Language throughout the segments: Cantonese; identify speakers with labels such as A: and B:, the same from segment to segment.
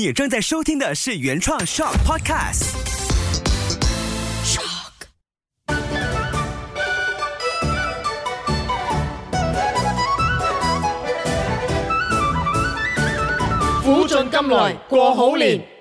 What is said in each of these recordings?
A: 你正在收聽的是原創 Shock Podcast。Shock。
B: 虎進金來，過好年。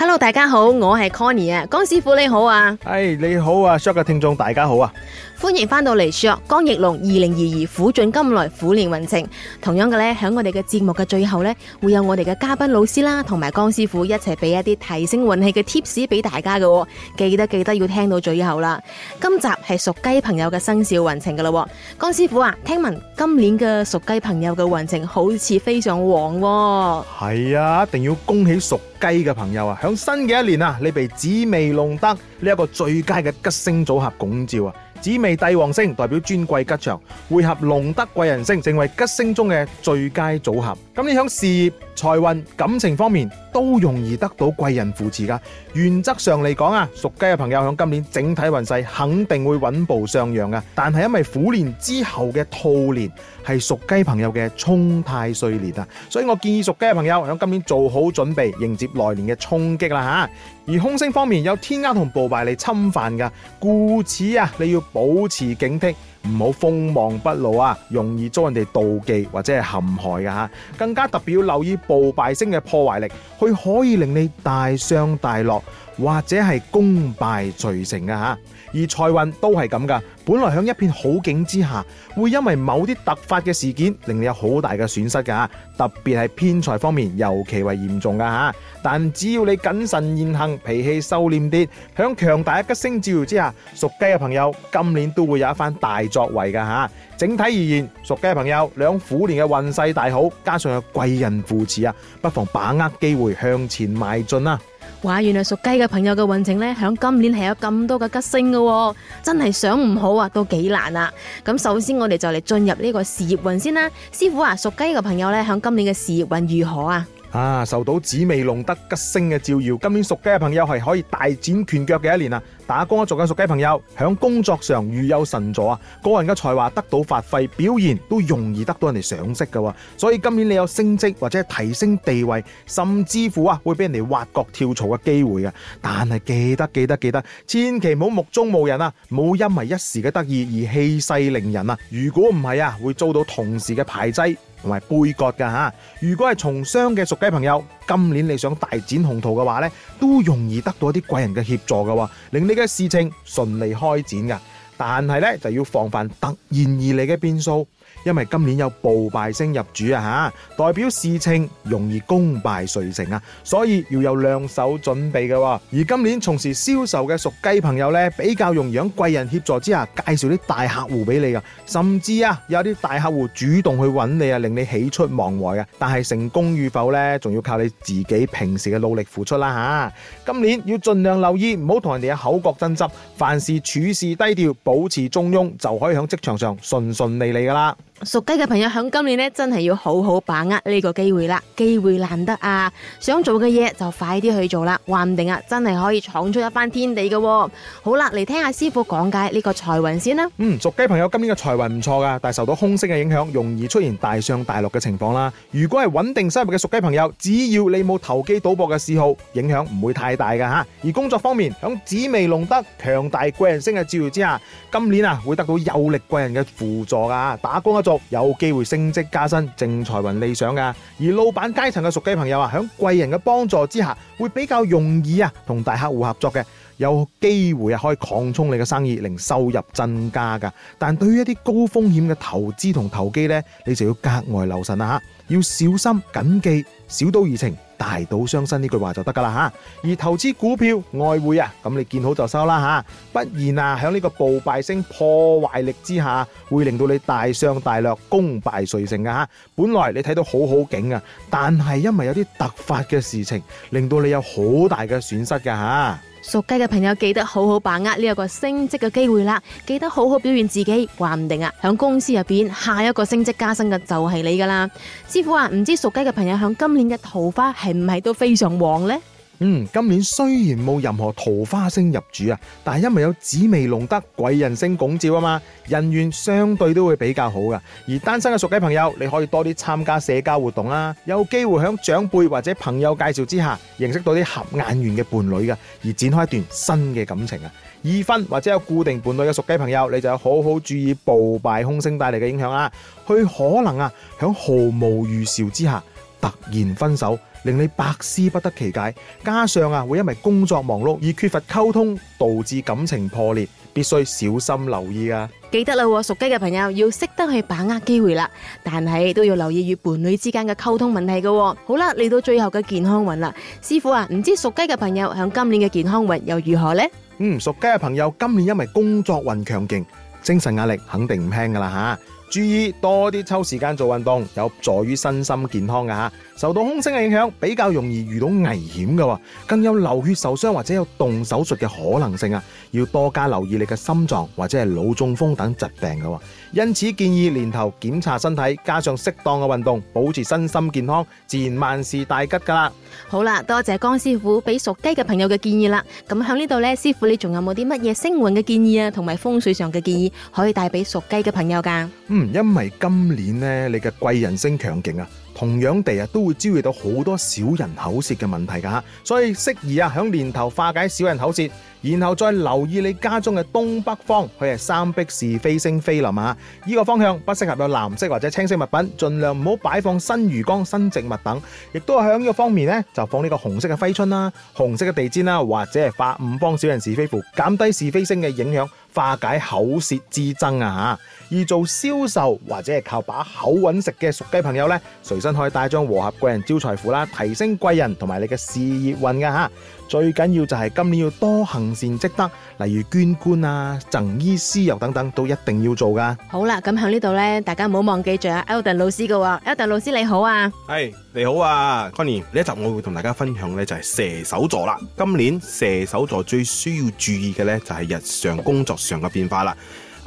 A: Hello，大家好，我係 Connie 啊，江師傅你好啊，哎，hey，你好啊，Shark 嘅聽眾大家好啊，歡迎翻到嚟 Shark 江奕龍二零二二虎進金來虎年運程，同樣嘅咧喺我哋嘅節目嘅最後呢，會有我哋嘅嘉賓老師啦，同埋江師傅一齊俾一啲提升運氣嘅 tips 俾大家嘅，記得記得要聽到最後啦，今集係屬雞朋友嘅生肖運程噶啦，江師傅啊，聽聞今年嘅屬雞朋友嘅運程好似非常旺喎，
B: 啊，係啊，一定要恭喜屬。雞嘅朋友啊，響新嘅一年啊，你被紫薇龍德呢一個最佳嘅吉星組合拱照啊，紫薇帝王星代表尊貴吉祥，會合龍德貴人星，成為吉星中嘅最佳組合。咁你響事業，財運、感情方面都容易得到貴人扶持噶。原則上嚟講啊，屬雞嘅朋友響今年整體運勢肯定會穩步上揚噶。但係因為虎年之後嘅兔年係屬雞朋友嘅沖太歲年啊，所以我建議屬雞嘅朋友響今年做好準備，迎接來年嘅衝擊啦吓。而凶星方面有天厄同暴敗嚟侵犯噶，故此啊，你要保持警惕。唔好鋒芒畢露啊，容易遭人哋妒忌或者係陷害嘅吓。更加特別要留意暴敗星嘅破壞力，佢可以令你大上大落，或者係功敗垂成嘅吓。而財運都係咁噶，本來喺一片好景之下，會因為某啲突發嘅事件，令你有好大嘅損失噶。特別係偏財方面，尤其為嚴重噶嚇。但只要你謹慎言行、脾氣收斂啲，響強大嘅吉星照耀之下，屬雞嘅朋友今年都會有一番大作為噶嚇。整體而言，屬雞嘅朋友兩虎年嘅運勢大好，加上有貴人扶持啊，不妨把握機會向前邁進啦。
A: 話原來屬雞嘅朋友嘅運程呢，響今年係有咁多嘅吉星嘅，哦，真係想唔好啊，都幾難啊！咁首先我哋就嚟進入呢個事業運先啦。師傅啊，屬雞嘅朋友呢，響今年嘅事業運如何啊？
B: 啊！受到紫薇龍德吉星嘅照耀，今年屬雞嘅朋友係可以大展拳腳嘅一年啊！打工一族嘅屬雞朋友，響工作上如有神助啊，個人嘅才華得到發揮，表現都容易得到人哋賞識噶。所以今年你有升職或者提升地位，甚至乎啊會俾人哋挖角跳槽嘅機會嘅。但係記得記得記得，千祈唔好目中無人啊，冇因為一時嘅得意而氣勢凌人啊！如果唔係啊，會遭到同事嘅排擠。同埋背角嘅吓，如果係從商嘅屬雞朋友，今年你想大展宏圖嘅話呢，都容易得到啲貴人嘅協助㗎喎，令你嘅事情順利開展㗎。但係呢，就要防範突然而嚟嘅變數。因為今年有暴敗星入主啊吓，代表事情容易功敗垂成啊，所以要有兩手準備嘅。而今年從事銷售嘅屬雞朋友咧，比較容易喺貴人協助之下介紹啲大客戶俾你嘅，甚至啊有啲大客戶主動去揾你啊，令你喜出望外啊。但係成功與否咧，仲要靠你自己平時嘅努力付出啦吓啊。今年要盡量留意，唔好同人哋有口角爭執，凡事處事低調，保持中庸，就可以喺職場上順順利利噶啦。
A: 屬雞嘅朋友響今年呢，真係要好好把握呢個機會啦！機會難得啊，想做嘅嘢就快啲去做啦，話唔定啊，真係可以闖出一番天地嘅，哦。好啦，嚟聽下師傅講解呢個財運先啦。
B: 嗯，屬雞朋友今年嘅財運唔錯噶，但係受到空星嘅影響，容易出現大上大落嘅情況啦。如果係穩定生活嘅屬雞朋友，只要你冇投機賭博嘅嗜好，影響唔會太大嘅吓。而工作方面，響紫微龍德、強大貴人星嘅照耀之下，今年啊會得到有力貴人嘅輔助啊，打工、啊有機會升職加薪，正財運理想噶。而老闆階層嘅屬雞朋友啊，響貴人嘅幫助之下，會比較容易啊同大客戶合作嘅，有機會啊可以擴充你嘅生意，令收入增加噶。但對於一啲高風險嘅投資同投機呢，你就要格外留神啦吓，要小心謹記。小賭怡情，大賭傷身呢句話就得噶啦吓。而投資股票、外匯啊，咁你見好就收啦吓，啊。不然啊，響呢個暴敗星破壞力之下，會令到你大上大落，功敗垂成噶吓。本來你睇到好好景啊，但係因為有啲突發嘅事情，令到你有好大嘅損失噶吓。啊
A: 熟雞嘅朋友記得好好把握呢一個升職嘅機會啦，記得好好表現自己，話唔定啊，響公司入邊下一個升職加薪嘅就係你噶啦。師傅話唔知屬雞嘅朋友響今年嘅桃花係唔係都非常旺呢？
B: 嗯，今年雖然冇任何桃花星入主啊，但係因為有紫微龍德貴人星拱照啊嘛，人緣相對都會比較好噶。而單身嘅屬雞朋友，你可以多啲參加社交活動啦，有機會響長輩或者朋友介紹之下，認識到啲合眼緣嘅伴侶噶，而展開一段新嘅感情啊。已婚或者有固定伴侶嘅屬雞朋友，你就要好好注意暴敗凶星帶嚟嘅影響啊。佢可能啊響毫無預兆之下突然分手。令你百思不得其解，加上啊會因為工作忙碌而缺乏溝通，導致感情破裂，必須小心留意啊！
A: 記得啦，屬雞嘅朋友要識得去把握機會啦，但係都要留意與伴侶之間嘅溝通問題嘅。好啦，嚟到最後嘅健康運啦，師傅啊，唔知屬雞嘅朋友響今年嘅健康運又如何呢？嗯，屬雞嘅
B: 朋友今年因為工作運強勁，精神壓力肯定唔輕噶啦吓，注意多啲抽時間做運動，有助於身心健康噶吓。受到空星嘅影響，比較容易遇到危險嘅，更有流血受傷或者有動手術嘅可能性啊！要多加留意你嘅心臟或者係腦中風等疾病嘅。因此建議年頭檢查身體，加上適當嘅運動，保持身心健康，自然萬事大吉噶啦。
A: 好啦，多謝江師傅俾屬雞嘅朋友嘅建議啦。咁響呢度呢，師傅你仲有冇啲乜嘢星運嘅建議啊？同埋風水上嘅建議可以帶俾屬雞嘅朋友噶？嗯，
B: 因為今年呢，你嘅貴人星強勁啊！同樣地啊，都會招惹到好多小人口舌嘅問題噶，所以適宜啊響年頭化解小人口舌，然後再留意你家中嘅東北方，佢係三碧是非星飛臨嘛，呢個方向不適合有藍色或者青色物品，盡量唔好擺放新魚缸、新植物等，亦都係響呢個方面呢，就放呢個紅色嘅揮春啦、紅色嘅地氈啦，或者係化五方小人是非符，減低是非星嘅影響。化解口舌之爭啊吓，而做銷售或者係靠把口揾食嘅屬雞朋友呢，隨身可以帶一張和合貴人招財符啦，提升貴人同埋你嘅事業運噶吓。最緊要就係今年要多行善積德，例如捐官啊、贈醫施藥等等，都一定要做㗎。
A: 好啦，咁喺呢度呢，大家唔好忘記住啊，Elton 老師嘅喎，Elton 老師你好啊。
C: 係你好啊，Connie，呢一集我會同大家分享呢就係射手座啦。今年射手座最需要注意嘅呢就係日常工作上嘅變化啦。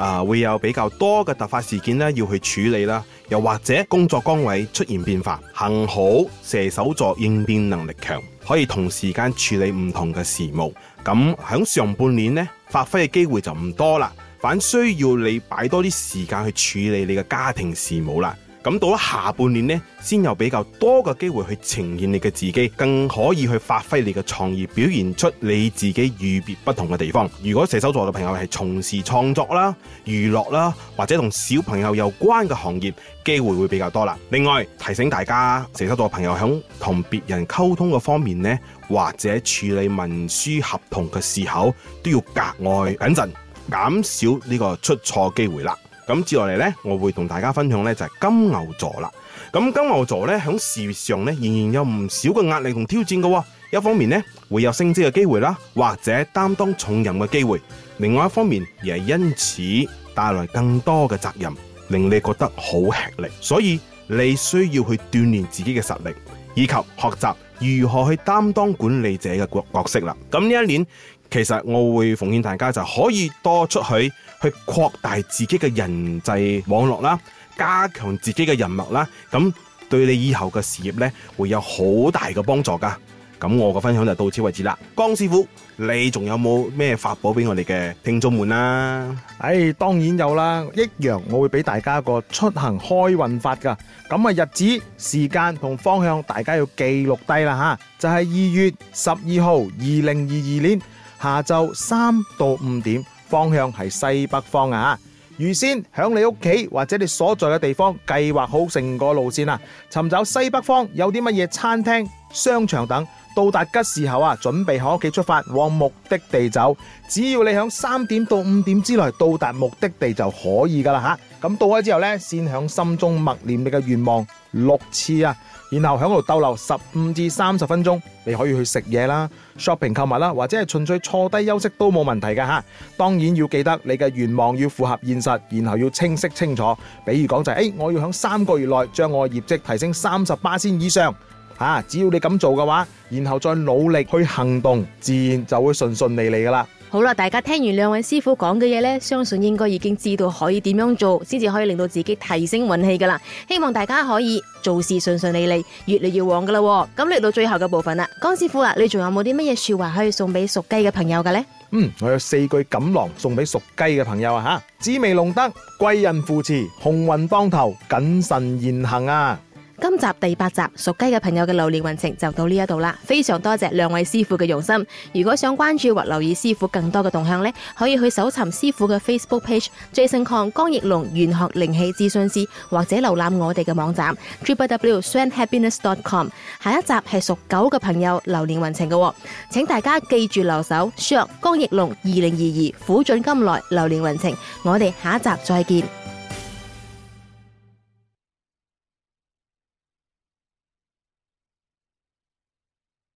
C: 啊，會有比較多嘅突發事件咧，要去處理啦，又或者工作崗位出現變化，幸好射手座應變能力強，可以同時間處理唔同嘅事務。咁響上半年咧，發揮嘅機會就唔多啦，反而需要你擺多啲時間去處理你嘅家庭事務啦。咁到咗下半年呢，先有比較多嘅機會去呈現你嘅自己，更可以去發揮你嘅創意，表現出你自己與別不同嘅地方。如果射手座嘅朋友係從事創作啦、娛樂啦，或者同小朋友有關嘅行業，機會會比較多啦。另外提醒大家，射手座嘅朋友喺同別人溝通嘅方面呢，或者處理文書合同嘅時候，都要格外謹慎，減少呢個出錯機會啦。咁接落嚟呢，我會同大家分享呢就係金牛座啦。咁金牛座呢響事業上呢仍然有唔少嘅壓力同挑戰嘅。一方面呢會有升職嘅機會啦，或者擔當重任嘅機會。另外一方面，亦係因此帶來更多嘅責任，令你覺得好吃力。所以你需要去鍛煉自己嘅實力，以及學習如何去擔當管理者嘅角角色啦。咁呢一年。其實我會奉勸大家就可以多出去去擴大自己嘅人際網絡啦，加強自己嘅人脈啦。咁對你以後嘅事業呢，會有好大嘅幫助噶。咁我嘅分享就到此為止啦。江師傅，你仲有冇咩法寶俾我哋嘅聽眾們啦？誒、哎，當然有啦，一樣我會俾大家個出行
B: 開運法噶。咁啊，日子、時間同方向，大家要記錄低啦吓。就係、是、二月十二號，二零二二年，下晝三到五點，方向係西北方啊！預先響你屋企或者你所在嘅地方計劃好成個路線啊，尋找西北方有啲乜嘢餐廳、商場等。到達吉時後啊，準備喺屋企出發往目的地走。只要你響三點到五點之內到達目的地就可以噶啦吓。咁到咗之後呢，先響心中默念你嘅願望六次啊，然後響度逗留十五至三十分鐘，你可以去食嘢啦、shopping 購物啦，或者係純粹坐低休息都冇問題嘅吓。當然要記得你嘅願望要符合現實，然後要清晰清楚。比如講就係，誒，我要響三個月內將我嘅業績提升三十巴仙以上，吓、啊，只要你咁做嘅話，然後再努力去行動，自然就會順順利利噶啦。
A: 好啦，大家聽完兩位師傅講嘅嘢咧，相信應該已經知道可以點樣做，先至可以令到自己提升運氣噶啦。希望大家可以做事順順利利，越嚟越旺噶啦。咁嚟到最後嘅部分啦，江師傅啊，你仲有冇啲乜嘢說話可以送俾屬雞嘅朋友噶呢？
B: 嗯，我有四句錦囊送俾屬雞嘅朋友啊吓，紫微龍德，貴人扶持，鴻運當頭，謹慎言行啊。
A: 今集第八集屬雞嘅朋友嘅流年運程就到呢一度啦，非常多謝兩位師傅嘅用心。如果想關注或留意師傅更多嘅動向呢，可以去搜尋師傅嘅 Facebook page Jason Kong 江奕龍玄學靈氣諮詢師，或者瀏覽我哋嘅網站 www.soundhappiness.com。下一集係屬狗嘅朋友流年運程嘅，請大家記住留守，ur, 江奕龍二零二二虎進金來流年運程，我哋下一集再見。